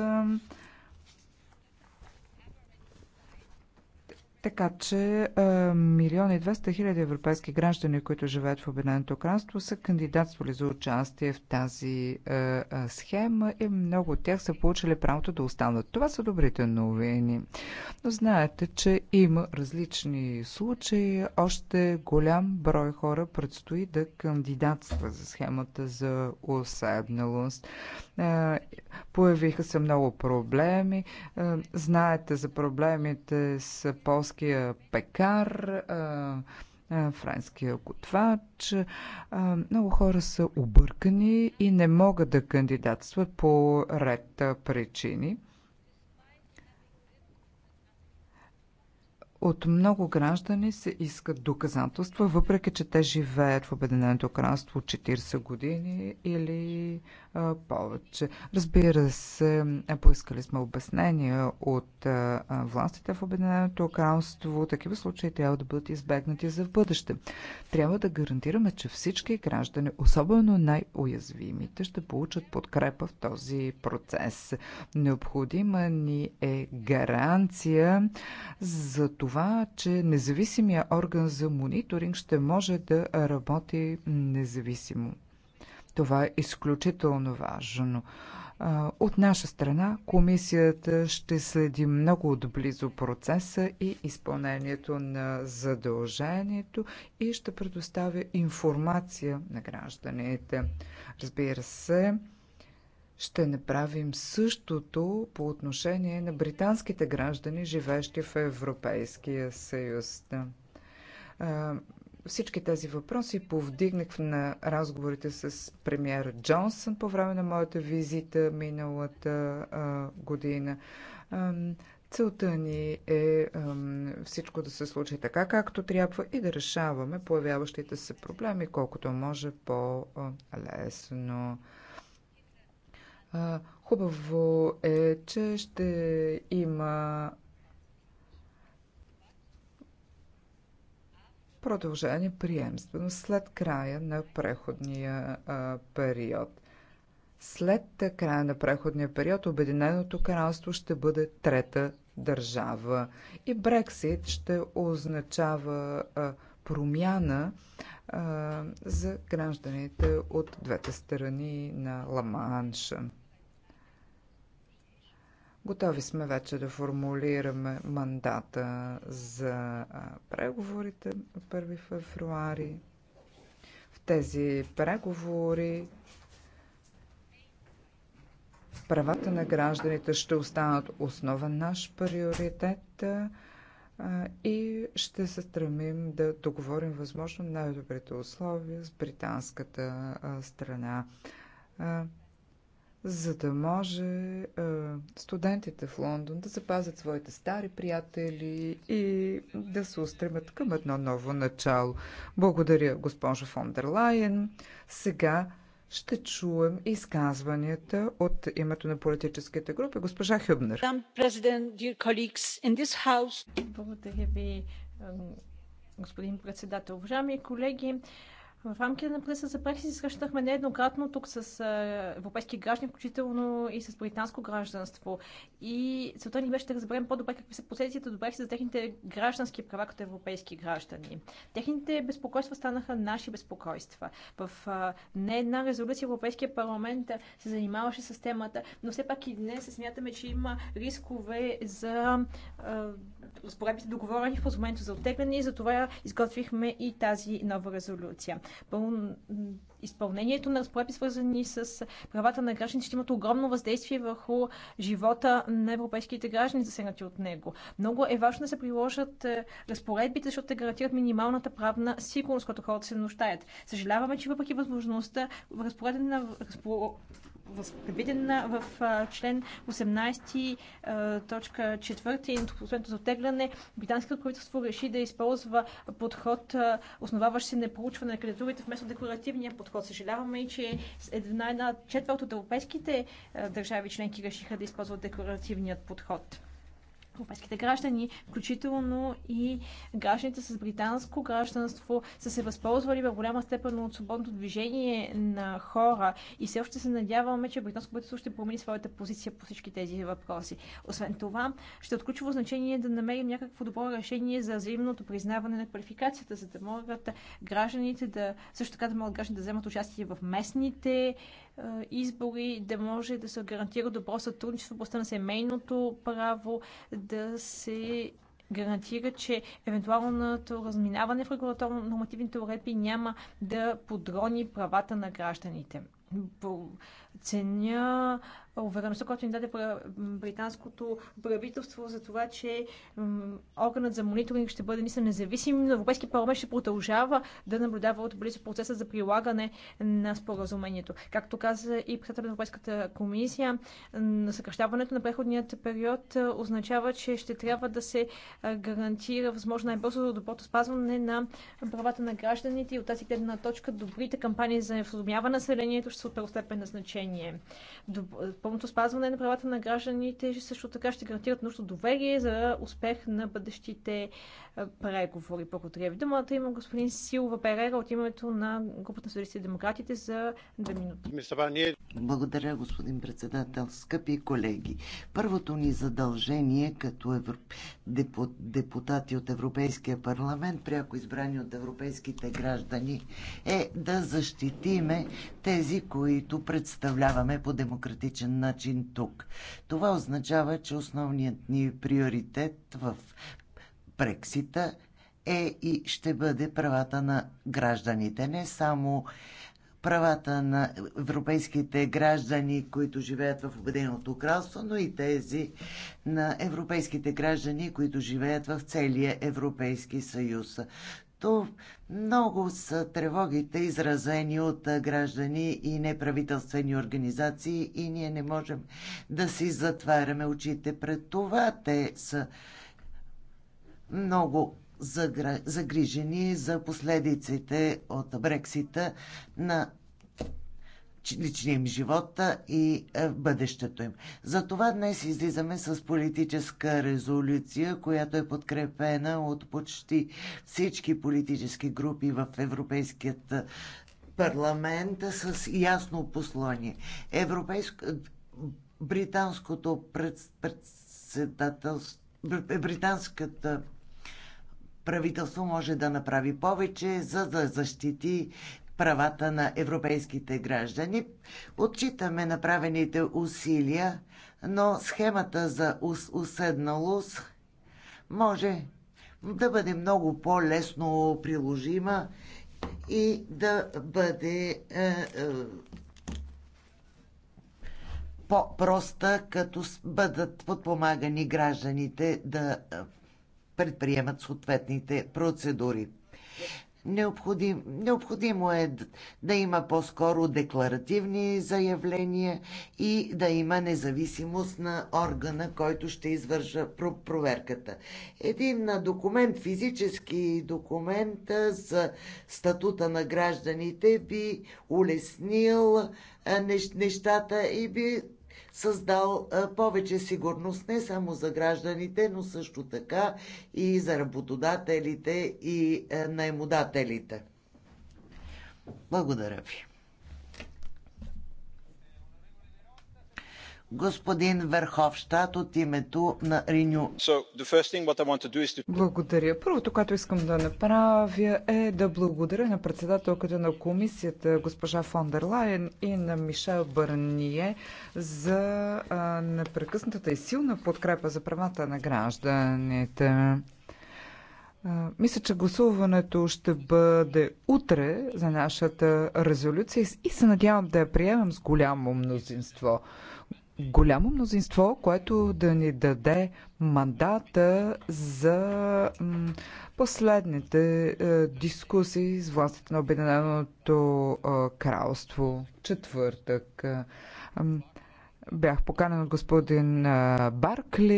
E: Така че е, милион и 200 хиляди европейски граждани, които живеят в Обединеното кралство, са кандидатствали за участие в тази е, е, схема и много от тях са получили правото да останат. Това са добрите новини. Но знаете, че има различни случаи. Още голям брой хора предстои да кандидатства за схемата за уседналост. Е, появиха се много проблеми. Е, знаете за проблемите с полски френския пекар, френския готвач. Много хора са объркани и не могат да кандидатстват по ред причини. От много граждани се искат доказателства, въпреки че те живеят в Обединеното кралство 40 години или а, повече. Разбира се, поискали сме обяснения от а, властите в Обединеното кралство. Такива случаи трябва да бъдат избегнати за в бъдеще. Трябва да гарантираме, че всички граждани, особено най-уязвимите, ще получат подкрепа в този процес. Необходима ни е гаранция за това, това, че независимия орган за мониторинг ще може да работи независимо. Това е изключително важно. От наша страна комисията ще следи много отблизо процеса и изпълнението на задължението и ще предоставя информация на гражданите. Разбира се, ще направим същото по отношение на британските граждани, живеещи в Европейския съюз. Всички тези въпроси повдигнах на разговорите с премьер Джонсън по време на моята визита миналата а, година. А, целта ни е а, всичко да се случи така, както трябва и да решаваме появяващите се проблеми колкото може по-лесно. Хубаво е, че ще има продължение приемствено след края на преходния а, период. След края на преходния период Обединеното кралство ще бъде трета държава и Брексит ще означава а, промяна а, за гражданите от двете страни на Ла-Манша. Готови сме вече да формулираме мандата за преговорите от 1 февруари. В тези преговори правата на гражданите ще останат основен наш приоритет и ще се стремим да договорим възможно най-добрите условия с британската страна за да може студентите в Лондон да запазят своите стари приятели и да се устремят към едно ново начало. Благодаря, госпожо фон дер Лайен. Сега ще чуем изказванията от името на политическите групи. Госпожа Хюбнер.
F: Благодаря ви, господин председател. Уважаеми колеги, в рамките на преса за Брексит се срещнахме нееднократно тук с европейски граждани, включително и с британско гражданство. И целта ни беше да разберем по-добре какви са последствията от Брексит за техните граждански права като европейски граждани. Техните безпокойства станаха наши безпокойства. В не една резолюция Европейския парламент се занимаваше с темата, но все пак и днес смятаме, че има рискове за разпоредбите договорени в момента за оттегляне и затова изготвихме и тази нова резолюция. Пълно изпълнението на разпоредби, свързани с правата на гражданите, ще имат огромно въздействие върху живота на европейските граждани, засегнати от него. Много е важно да се приложат е, разпоредбите, защото те гарантират минималната правна сигурност, която хората се нуждаят. Съжаляваме, че въпреки възможността в на разпоредбите предвидена в член 18, точка 4 и последното за оттегляне, британското правителство реши да използва подход, основаващ се на проучване на кредитурите вместо декларативния подход. Съжаляваме и, че една, една четвърт от европейските държави членки решиха да използват декларативният подход европейските граждани, включително и гражданите с британско гражданство, са се възползвали в голяма степен от свободното движение на хора и все още се надяваме, че британското правителство ще промени своята позиция по всички тези въпроси. Освен това, ще отключва значение да намерим някакво добро решение за взаимното признаване на квалификацията, за да могат гражданите да също така да могат гражданите да вземат участие в местните избори, да може да се гарантира добро сътрудничество в областта на семейното право, да се гарантира, че евентуалното разминаване в регулаторно нормативните уредби няма да подрони правата на гражданите. Ценя увереността, която ни даде британското правителство за това, че органът за мониторинг ще бъде наистина независим. Европейски парламент ще продължава да наблюдава от близо процеса за прилагане на споразумението. Както каза и председател на Европейската комисия, съкръщаването на преходният период означава, че ще трябва да се гарантира възможно най-бързо доброто спазване на правата на гражданите и от тази гледна точка добрите кампании за информиране населението ще са от първостепенно значение пълното спазване на правата на гражданите също така ще гарантират нужно доверие за успех на бъдещите е, преговори. Благодаря ви. Думата има господин Силва Перера от името на групата на
D: и демократите за две минути. Благодаря, господин председател. Скъпи колеги, първото ни задължение като депутати от Европейския парламент, пряко избрани от европейските граждани, е да защитиме тези, които представляваме по демократичен начин тук. Това означава, че основният ни приоритет в Брексита е и ще бъде правата на гражданите. Не само правата на европейските граждани, които живеят в Обединеното кралство, но и тези на европейските граждани, които живеят в целия Европейски съюз. То много са тревогите, изразени от граждани и неправителствени организации и ние не можем да си затваряме очите пред това. Те са много загрижени за последиците от Брексита на личния им живот и бъдещето им. Затова днес излизаме с политическа резолюция, която е подкрепена от почти всички политически групи в Европейският парламент с ясно послание. Европейско... Британското пред... председателство британската правителство може да направи повече, за да защити правата на европейските граждани. Отчитаме направените усилия, но схемата за уседналост може да бъде много по-лесно приложима и да бъде е, е, по-проста, като бъдат подпомагани гражданите да е, предприемат съответните процедури. Необходим, необходимо е да има по-скоро декларативни заявления и да има независимост на органа, който ще извържа проверката. Един документ, физически документ за статута на гражданите би улеснил нещата и би създал повече сигурност не само за гражданите, но също така и за работодателите и наемодателите. Благодаря ви. господин Верховщад от името на Риню. Благодаря.
E: Първото, което искам да направя е да благодаря на председателката на комисията госпожа Фон дер Лайен и на Мишел Бърние за непрекъснатата и силна подкрепа за правата на гражданите. Мисля, че гласуването ще бъде утре за нашата резолюция и се надявам да я приемем с голямо мнозинство голямо мнозинство, което да ни даде мандата за последните е, дискусии с властите на Обединеното е, кралство. Четвъртък. Е, бях поканен от господин Баркли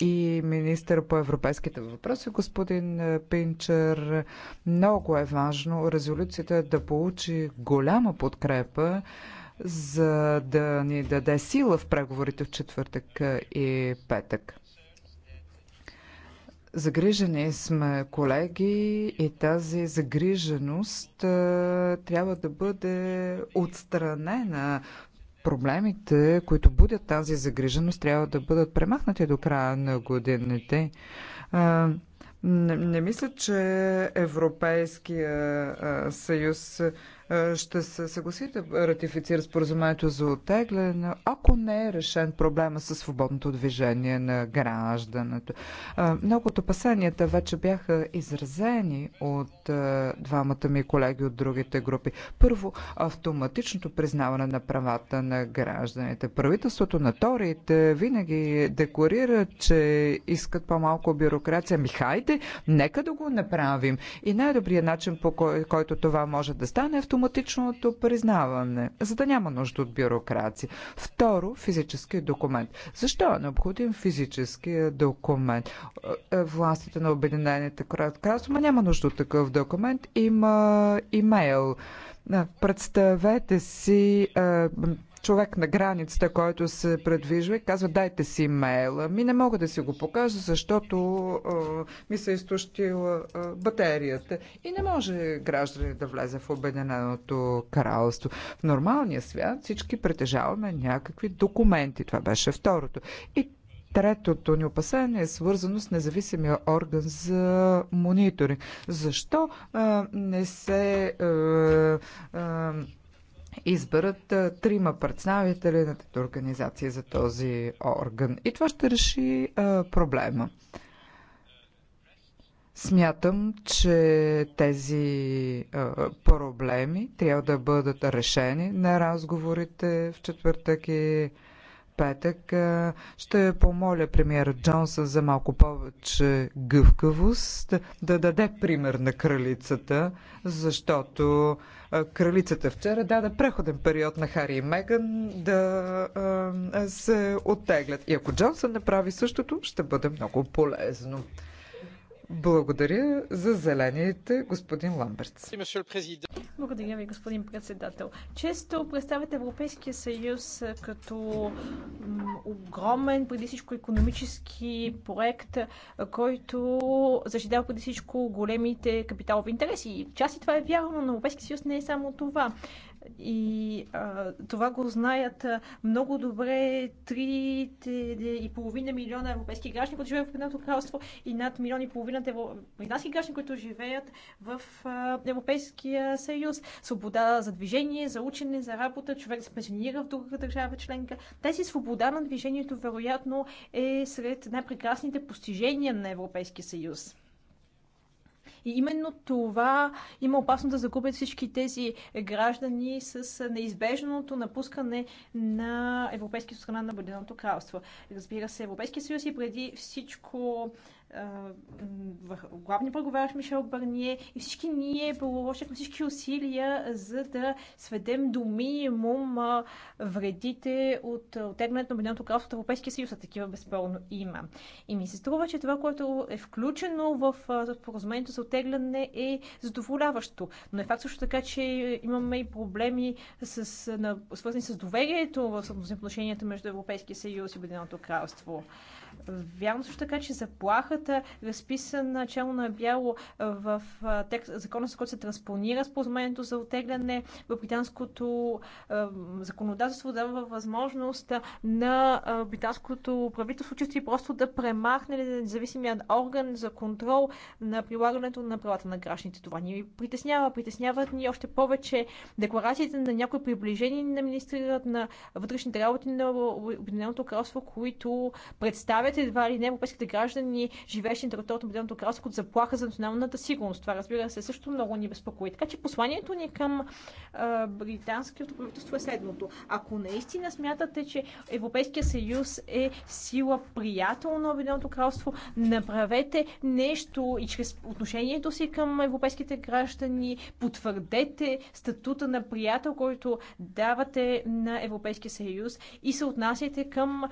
E: и министър по европейските въпроси, господин Пинчер. Много е важно резолюцията да получи голяма подкрепа за да ни даде сила в преговорите в четвъртък и петък. Загрижени сме, колеги, и тази загриженост а, трябва да бъде отстранена. Проблемите, които будят тази загриженост, трябва да бъдат премахнати до края на годините. А, не, не мисля, че Европейския съюз е, ще се съгласи да ратифицира споразумението за оттегляне, ако не е решен проблема с свободното движение на граждането. Много от опасенията вече бяха изразени от е, двамата ми колеги от другите групи. Първо, автоматичното признаване на правата на гражданите. Правителството на Ториите винаги декларира, че искат по-малко бюрокрация. Михайте, хайде, нека да го направим. И най-добрият начин, по който това може да стане, е автоматично автоматичното признаване, за да няма нужда от бюрокрация. Второ, физически документ. Защо е необходим физически документ? Е, е, властите на Обединените кралство няма нужда от такъв документ, има имейл. Представете си е, човек на границата, който се предвижва и казва дайте си имейла. Ми не мога да си го покажа, защото а, ми се е изтощила а, батерията. И не може граждани да влезе в Обединеното кралство. В нормалния свят всички притежаваме някакви документи. Това беше второто. И Третото ни опасение е свързано с независимия орган за мониторинг. Защо а, не се а, а, изберат трима представители на тези организации за този орган. И това ще реши а, проблема. Смятам, че тези а, проблеми трябва да бъдат решени на разговорите в четвъртък и петък. Ще помоля премиера Джонсън за малко повече гъвкавост, да даде пример на кралицата, защото кралицата вчера даде преходен период на Хари и Меган да се оттеглят. И ако Джонсън направи същото, ще бъде много полезно. Благодаря за зелените, господин Ламберт.
F: Благодаря ви, господин председател. Често представят Европейския съюз като огромен, преди всичко економически проект, който защитава преди всичко големите капиталови интереси. Части това е вярно, но Европейския съюз не е само това. И а, това го знаят много добре 3,5 милиона европейски граждани, които живеят в едното кралство и над милион и половина британски граждани, които живеят в а, Европейския съюз. Свобода за движение, за учене, за работа, човек се пенсионира в друга държава членка. Тази свобода на движението, вероятно, е сред най-прекрасните постижения на Европейския съюз. И именно това има опасно да загубят всички тези граждани с неизбежното напускане на Европейския страна на Бъденото кралство. Разбира се, Европейския съюз и е преди всичко главния преговарящ Мишел Барние и всички ние положихме всички усилия за да сведем до минимум вредите от отеглянето на Обединеното кралство от Европейския съюз, а такива безспорно има. И ми се струва, че това, което е включено в споразумението за отегляне е задоволяващо. Но е факт също така, че имаме и проблеми с, на, свързани с доверието в отношенията между Европейския съюз и Обединеното кралство. Вярно също така, че заплахата, разписана челно на бяло в текст, закона, с който се транспонира споразумението за отегляне в британското е, законодателство, дава възможност на британското правителство чисто просто да премахне независимият орган за контрол на прилагането на правата на гражданите. Това ни притеснява. Притесняват ни още повече декларациите на някои приближени на министрират на вътрешните работи на Обединеното кралство, които представят поставят едва ли не европейските граждани, живеещи на територията на Обединеното кралство, като заплаха за националната сигурност. Това, разбира се, също много ни безпокои. Така че посланието ни към а, британското правителство е следното. Ако наистина смятате, че Европейския съюз е сила приятел на Обединеното кралство, направете нещо и чрез отношението си към европейските граждани потвърдете статута на приятел, който давате на Европейския съюз и се отнасяйте към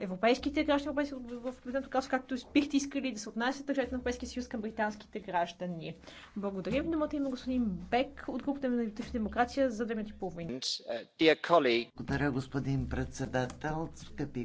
F: европейските граждани, в президента кралство, както бихте искали да се отнасят държавите на Европейския съюз към британските граждани. Благодаря ви, думата има е господин Бек от групата на демокрация за 2 и половина.
D: Uh, Благодаря, господин председател, скъпи